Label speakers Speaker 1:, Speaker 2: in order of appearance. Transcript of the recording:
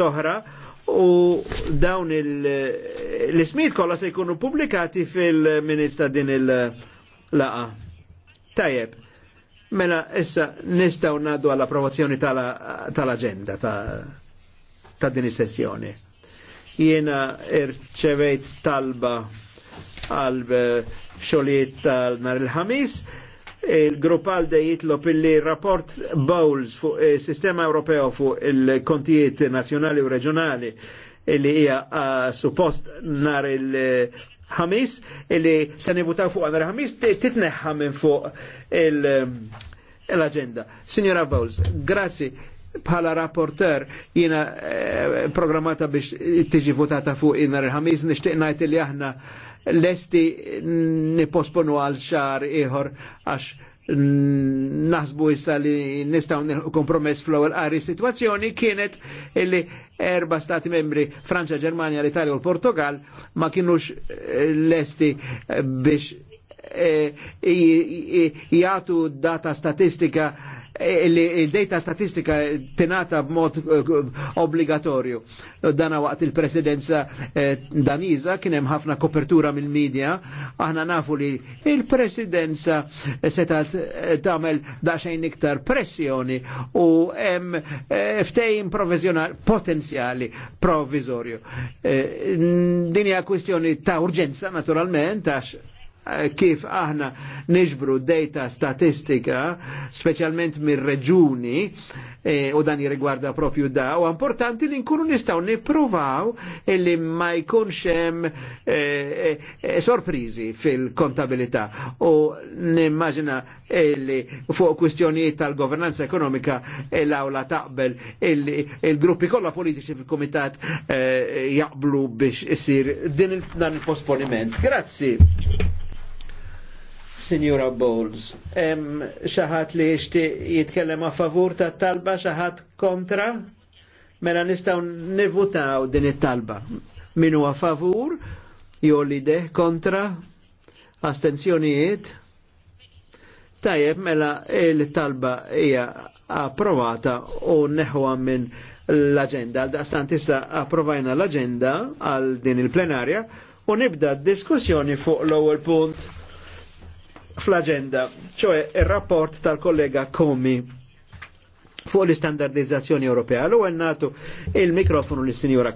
Speaker 1: toħra u dawn l-ismijiet kollha se jkunu pubblikati fil-minista din il-laqa. Tajjeb, mela issa nistgħu ngħaddu għall approvazzjoni tal-aġenda ta, ta' din is-sessjoni. Jiena irċevejt talba għal eh, xogħlijiet tal-nar il-ħamis, il-grupp għalde jitlob illi rapport Bowles fuq il-sistema eh, Ewropew fuq il-kontijiet nazjonali u reġjonali illi hija eh, suppost nar il- ħamis illi se nivutaw fuq għandar ħamis titneħħa minn fuq eh, l-agenda. Signora Bowles, grazzi bħala rapporter jina programmata biex tiġi votata fuq jina rħamiz nishtiq najt li aħna lesti niposponu għal xar iħor għax naħsbu issa li nistaw kompromess fl ewwel qari situazzjoni kienet illi erba stati membri Franċa, Germania, l-Italja u l-Portugal ma kienux lesti biex jgħatu data statistika il-data statistika tenata b'mod eh, obbligatorju. Dana waqt il-presidenza eh, daniza kien hemm ħafna kopertura mill-medja, aħna nafu li il-presidenza eh, setat tagħmel daxejn iktar pressjoni u hemm ftejn potenzjali provizorju. Din hija kwistjoni ta' urġenza naturalment għax kif aħna niġbru data statistika, specialment mir reġuni e, u dan jirigwarda propju da, u importanti li nkunu nistaw nipruvaw illi ma jkunx hemm e, e, e sorprizi fil-kontabilità. U nimmaġina illi fuq kwistjonijiet tal-governanza ekonomika e, l-awla taqbel il-gruppi kollha politiċi fil-komitat e, jaqblu biex isir din il-posponiment. Grazzi. Signora Bowles. xaħat li jixti jitkellem a favur ta' talba, xaħat kontra? Mela nistaw nivutaw din it-talba. Min huwa favur, jew li kontra, astenzjonijiet. Tajjeb, mela il-talba hija approvata u neħwa minn l-agenda. Għal-dastan tista approvajna l-agenda għal din il-plenarja u nibda diskussjoni fuq l-ewwel punt fl-agenda, ċoħe il-rapport tal-kollega Komi fuq l-istandardizzazzjoni Ewropea. l għu natu il-mikrofonu l-Sinjora